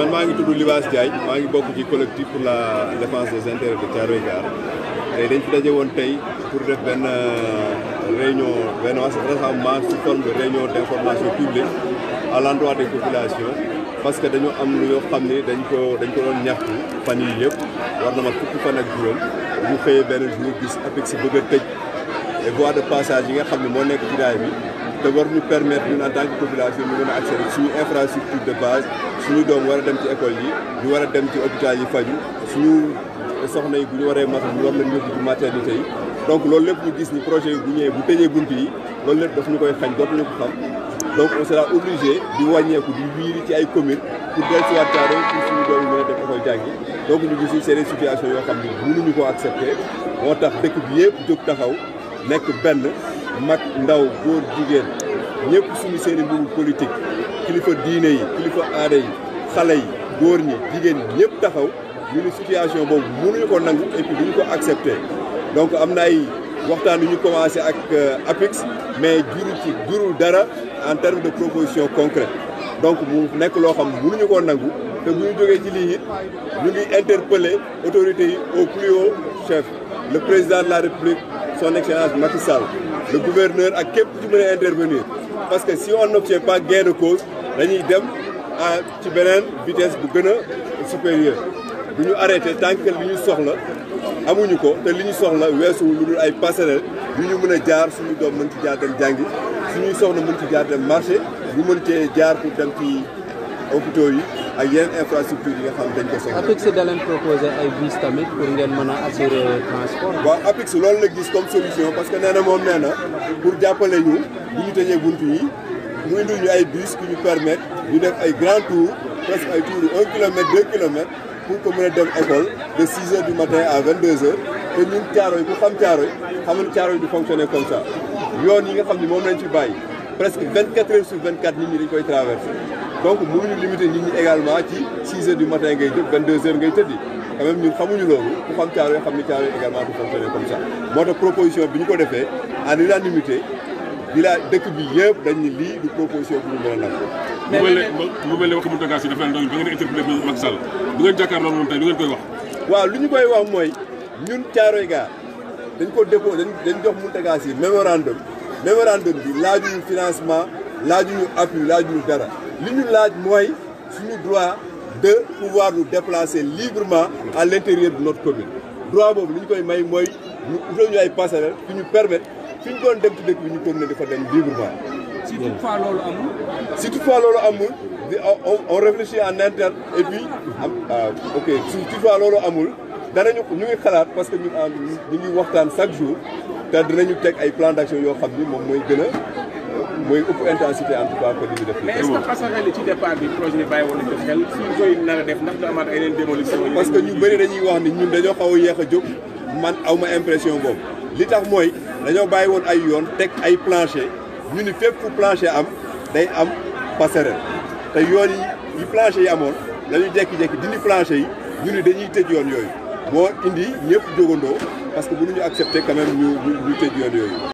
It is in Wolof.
man maa ngi tudd Libaas Diagne maa ngi bokk ci collectif pour la défense des intérêts de Thiaroye Gare tey dañ fi daje woon tey pour def benn euh, réunion benn rassemblement sous forme de réunion d' information publique à l' endroit des parce que dañu am lu yoo xam ne dañ ko dañ ko doon ñaxtu fan yii yëpp war na ma fukki fan ak juróom ñu xëyee benn jour gis APEX bëgg a tëj voie de passage yi nga xam ne moo nekk ci raay bi te war ñu permettre ñun en tant que population ñu mën a suñu infrastructure de base suñu doom war a dem ci école yi ñu war a dem ci hôpital yi faju suñu soxna yi bu ñu waree matal ñu war leen yóbbu ci maternité yi donc loolu lépp ñu gis ni projet yi bu ñëwee bu tëjee bunt yi loolu lépp daf ñu koy xañ dootuñu ko xam donc on di wàññeeku di wiiri ci ay communes pour dellusiwaat Thiaroye pour suñu doom yi mën a def école jàngi donc ñu gis ni c'est des situations yoo xam ne mënuñu ko accepter moo tax dëkk bi yëpp jóg taxaw nekk benn mag ndaw góor jigéen ñëpp suñu seen i mbubu politique kilifa diine yi kilifa aada yi yi góor ñi jigéen ñëpp taxaw ñu ni situation boobu mënuñu ko nangu et puis duñu ko accepté donc am na ay waxtaan yu ñu commencé ak euh, APIX mais juru ci jurul dara en terme de proposition concrète donc mu nekk loo xam mënuñu ko nangu te bu ñu jógee ci lii it ñu ngi interpeller autorités yi au plus chef le président la république son excellence Macky Sall le gouverneur ak képp ci mën a parce que si on n'obtient pas gain de cause dañuy dem à ci beneen vitesse bu gën a supérieur bu ñu arrêté tant que li ñu soxla amuñu ko te li ñu soxla weesu lu dul ay passerelle yu ñu mën a jaar suñu doom mën ci jaar dem jàngi suñuy soxla mën ci jaar dem marché ñu mën cee jaar pour dem ci hôpitaux yi ak yeneen infrastructure yi nga xam dañ ko soxla. APIX da leen proposé ay bus tamit pour ngeen mën a assurer transport. waaw APIX loolu la gis comme solution parce que nee moom nee pour jàppale ñu bu ñu tëjee bunt yi mu indil ñu ay bus qui ñu permettre ñu def ay grand tour presque ay tour un kilomètre deux kilomètres pour que mën a dem école de six heures du matin à vingt deux heures te ñun caaro yi ku xam caaro yi xamul caaro yi di fonctionner comme ça yoon yi nga xam ni moom lañ ci bàyyi presque vingt quatre heures sur vingt quatre nit ñi dañ koy traversé. donc mënuñu limiter nit ñi également ci 6 heures du matin ngay jóg 22 heures ngay tëddi quand même loolu ku xam caaro yi xam ni caaro yi également du fonctionner comme ça moo tax proposition bi ñu ko defee en unanimité bila dëkk bi yëpp dañ ni lii du proposition bu ñu mën a nangu mais léegi mu mel ne waxu Mountaga Sy dafa leen doon ba ngeen interpellé Macky Sall bu ngeen moom tey lu ngeen koy wax waaw lu ñu koy wax mooy ñun Thiaroye Gare dañ ko déposé dañ dañ jox Mountaga Sy mémorandum mémorandum bi laajuñu financement laajuñu appui laajuñu dara li ñu laaj mooy suñu droit de pouvoir nous déplacer librement à l'intérieur de notre commune droit boobu li ñu koy may mooy ñu ay passerelles fi ñu permettre fi ñu doon dem ci dëkk bi ñu continuer di fa dem librement. si toutefois loolu amul. si toutefois loolu amul di on réfléchit en interne et puis am ah, ok si toutefois loolu amul danañu ñu ngi xalaat parce que ñu ñu ngi waxtaan chaque jour te dinañu teg ay plan d'action yoo xam ni moom mooy gën mooy ëpp intensité en tout cas que que passerelle a def ndax parce que ñu bëri dañuy wax ni ñun dañoo xaw a jóg man aw ma impression boobu li tax mooy dañoo bàyyi woon ay yoon teg ay plancher ñu ni fépp fu plancher am day am passerelle te yoon yi yi plancher yi amoon dañuy ñu jékki-jékki dindi plancher yi ñu dañuy tëj yoon yooyu moo indi ñëpp jógandoo parce que mënuñu accepter quand même ñu ñu tëj yoon yooyu.